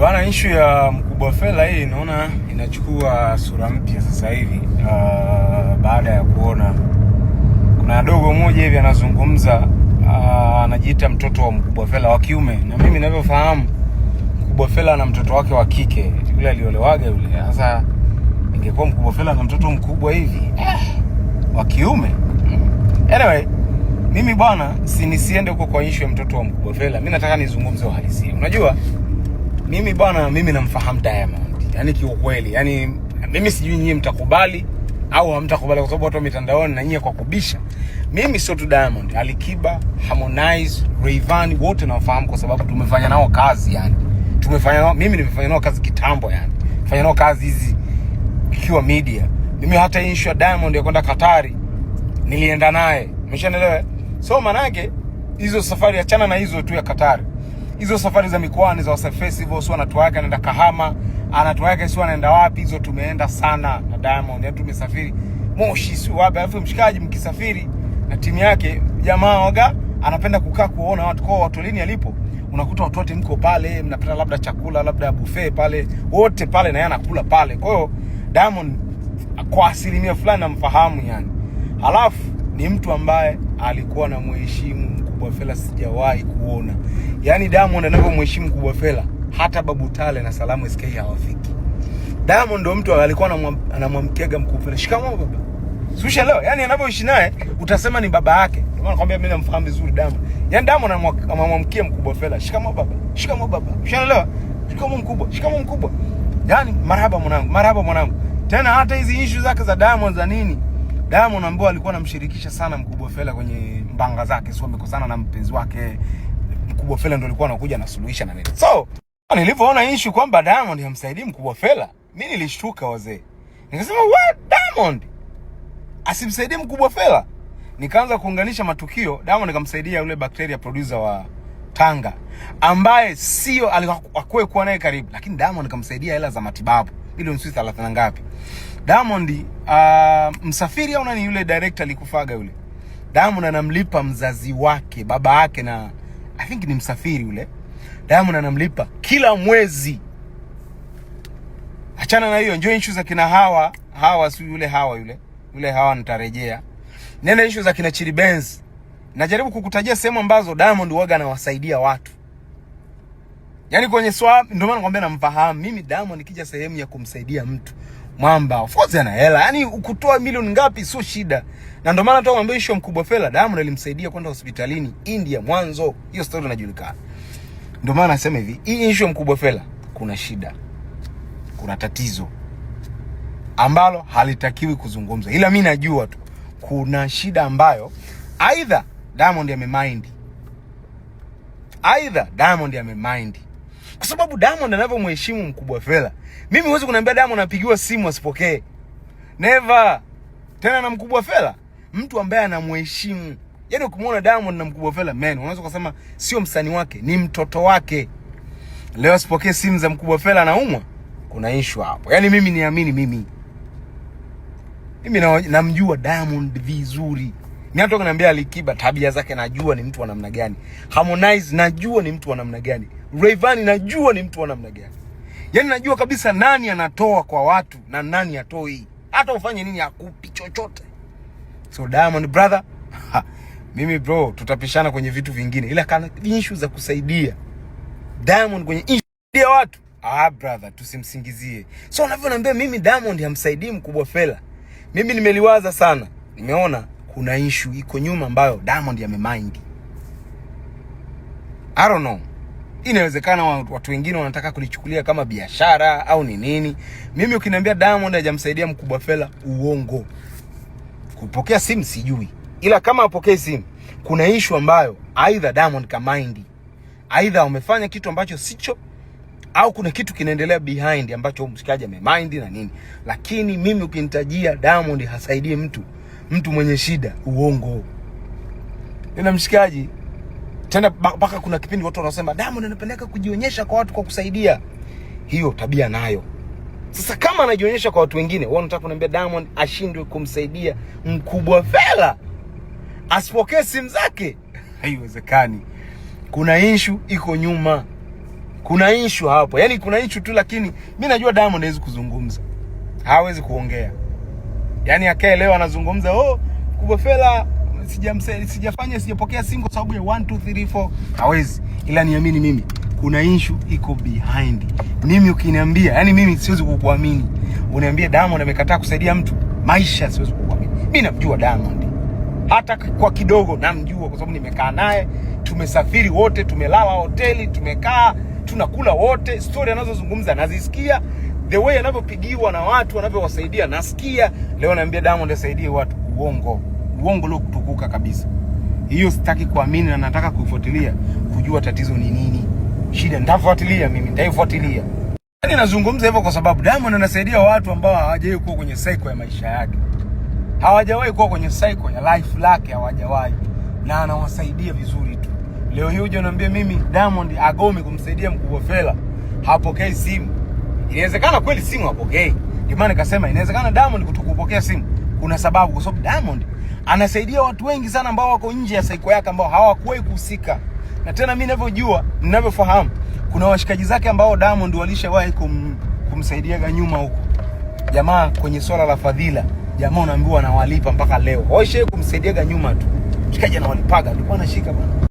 Bana, ishu ya Mkubwa Fella hii naona inachukua sura mpya sasa hivi uh, baada ya kuona kuna dogo moja hivi anazungumza uh, anajiita mtoto wa Mkubwa Fella wa kiume, na mimi ninavyofahamu Mkubwa Fella na mtoto wake wa kike yule aliolewaga yule. Sasa ingekuwa Mkubwa Fella na mtoto mkubwa hivi eh, wa kiume. Anyway, mimi bwana, si nisiende huko kwa ishu ya mtoto wa Mkubwa Fella, mimi nataka nizungumze uhalisia, unajua mimi bwana, mimi namfahamu Diamond, yaani kiukweli, yani mimi sijui nyinyi mtakubali au hamtakubali, kwa sababu watu wa mitandaoni na nyinyi kwa kubisha. Mimi sio tu Diamond, Alikiba, Harmonize, Rayvanny, wote nawafahamu kwa sababu tumefanya nao kazi yani. Tumefanya nao, mimi nimefanya nao kazi kitambo yani. Fanya nao kazi hizi ikiwa media. Mimi hata issue ya Diamond ya kwenda Katari nilienda naye. Umeshaelewa? So manake hizo safari achana na hizo tu ya Katari hizo safari za mikoani za Wasafi Festival, sio anatuaga anaenda Kahama, anatuaga sio anaenda wapi, hizo tumeenda sana na Diamond, yani tumesafiri Moshi, sio wapi. Alafu mshikaji mkisafiri na timu yake, jamaa waga anapenda kukaa kuona watu kwa watu lini alipo unakuta watu wote mko pale, mnapata labda chakula labda buffet pale, wote pale na yeye anakula pale. Kwa hiyo Diamond kwa asilimia fulani namfahamu yani, halafu ni mtu ambaye alikuwa na mheshimu Mkubwa Fela, sijawahi kuona. Yaani Diamond anavyomheshimu Mkubwa Fela, hata Babu Tale na Salamu SK hawafiki. Diamond ndo mtu alikuwa anamwamkega Mkubwa Fela, shikamoo baba, susha leo. yani anavyoishi naye utasema ni baba yake. Ndio maana nakwambia mimi namfahamu vizuri Diamond. Yaani Diamond anamwamkia Mkubwa Fela, shikamoo baba, shikamoo baba, ushaelewa? Shikamoo mkubwa, shikamoo mkubwa. Yaani marhaba mwanangu, marhaba mwanangu. Tena hata hizi issue zake za Diamond za nini Diamond ambaye alikuwa anamshirikisha sana Mkubwa Fela kwenye mbanga zake, sio amekosana na mpenzi wake. Mkubwa Fela ndio alikuwa anakuja na suluhisha na nini. So, nilivyoona issue kwamba Diamond hamsaidii Mkubwa Fela, mimi nilishtuka wazee. Nikasema, "What Diamond? Asimsaidii Mkubwa Fela?" Nikaanza kuunganisha matukio, Diamond nikamsaidia yule bacteria producer wa Tanga ambaye sio alikuwa kuwa naye karibu, lakini Diamond nikamsaidia hela za matibabu bilioni 30 ngapi? Diamond uh, Msafiri au nani yule director alikufaga yule. Diamond anamlipa mzazi wake, baba yake na I think ni Msafiri yule. Diamond anamlipa kila mwezi. Achana na hiyo, njoo issue za kina hawa, hawa si yule hawa yule. Yule hawa nitarejea. Nenda issue za kina Chidi Benz. Najaribu kukutajia sehemu ambazo Diamond waga anawasaidia watu. Yaani kwenye swa, ndio maana nakwambia namfahamu. Mimi Diamond nikija sehemu ya kumsaidia mtu mwamba, of course ana hela, yani ukutoa milioni ngapi sio shida. Na ndio maana tuamwambia issue mkubwa fela Diamond alimsaidia kwenda hospitalini India mwanzo, hiyo story inajulikana. Ndio maana nasema hivi, hii issue mkubwa fela kuna shida, kuna tatizo ambalo halitakiwi kuzungumza, ila mimi najua tu kuna shida ambayo aidha Diamond amemind, aidha Diamond amemind kwa sababu Diamond anavyomheshimu mkubwa Fela, mimi huwezi kuniambia Diamond anapigiwa simu asipokee, never tena. Na mkubwa Fela, mtu ambaye anamheshimu yaani, ukimwona Diamond na mkubwa Fela man, unaweza kusema sio msanii wake, ni mtoto wake. Leo asipokee simu za mkubwa Fela, anaumwa, kuna issue hapo. Yaani mimi niamini, mimi mimi namjua Diamond vizuri ni hata ukiniambia Alikiba tabia zake najua ni mtu wa namna gani. Harmonize najua ni mtu wa namna gani. Rayvanny najua ni mtu wa namna gani, yaani najua kabisa nani anatoa kwa watu na nani atoi, hata ufanye nini akupi chochote. So Diamond brother, ha, mimi bro, tutapishana kwenye vitu vingine, ila kana issue za kusaidia Diamond kwenye issue ya watu Ah, brother tusimsingizie. So unavyoniambia mimi Diamond hamsaidii mkubwa Fela. Mimi nimeliwaza sana. Nimeona kuna issue iko nyuma ambayo Diamond yamemind. I don't know inawezekana watu wengine wanataka kulichukulia kama biashara au ni nini. Mimi ukiniambia Diamond hajamsaidia Mkubwa Fella, uongo. Kupokea simu sijui, ila kama apokee simu, kuna ishu ambayo aidha Diamond kamaindi, aidha wamefanya kitu ambacho sicho au kuna kitu kinaendelea behind ambacho mshikaji amemind na nini, lakini mimi ukinitajia Diamond hasaidie mtu mtu mwenye shida, uongo. Ina mshikaji tena mpaka kuna kipindi watu wanasema Diamond anapendeka kujionyesha kwa watu kwa kusaidia. Hiyo tabia nayo. Sasa kama anajionyesha kwa watu wengine, wao unataka kuniambia Diamond ashindwe kumsaidia mkubwa Fela asipokee simu zake? Haiwezekani. Kuna issue iko nyuma, kuna issue hapo, yaani kuna issue tu, lakini mi najua Diamond hawezi kuzungumza, hawezi kuongea, yaani akaelewa, anazungumza oh, mkubwa Fela sijafanya, sijapokea simu kwa sababu ya 1 2 3 4 hawezi, ila niamini mimi kuna issue iko behind. Mimi ukiniambia, yani mimi siwezi kukuamini. Uniambia Diamond amekataa kusaidia mtu, maisha siwezi kukuamini. Mimi namjua Diamond. Hata kwa kidogo namjua kwa sababu nimekaa naye, tumesafiri wote, tumelala hoteli, tumekaa, tunakula wote, story anazozungumza nazisikia. The way anavyopigiwa na watu, anavyowasaidia nasikia. Leo naambia Diamond asaidie watu, uongo uongo leo kutukuka kabisa. Hiyo sitaki kuamini na nataka kuifuatilia kujua tatizo ni nini. Shida nitafuatilia mimi, nitaifuatilia. Yaani nazungumza hivyo kwa sababu Diamond anasaidia watu ambao hawajawahi kuwa kwenye cycle ya maisha yake. Hawajawahi kuwa kwenye cycle ya life lake hawajawahi. Na anawasaidia vizuri tu. Leo hii uje unaambia mimi Diamond agome kumsaidia mkubwa Fela. Hapokei simu. Inawezekana kweli simu hapokei. Ndio maana nikasema inawezekana Diamond kutokupokea simu kuna sababu, kwa sababu Diamond anasaidia watu wengi sana ambao wako nje ya saiko yake ambao hawakuwahi kuhusika. Na tena mimi ninavyojua, ninavyofahamu, kuna washikaji zake ambao Diamond walishawahi kum, kumsaidiaga nyuma huko. Jamaa kwenye swala la fadhila, jamaa unaambiwa anawalipa mpaka leo. Waishawahi kumsaidiaga nyuma tu. Shikaji anawalipaga, alikuwa anashika bwana.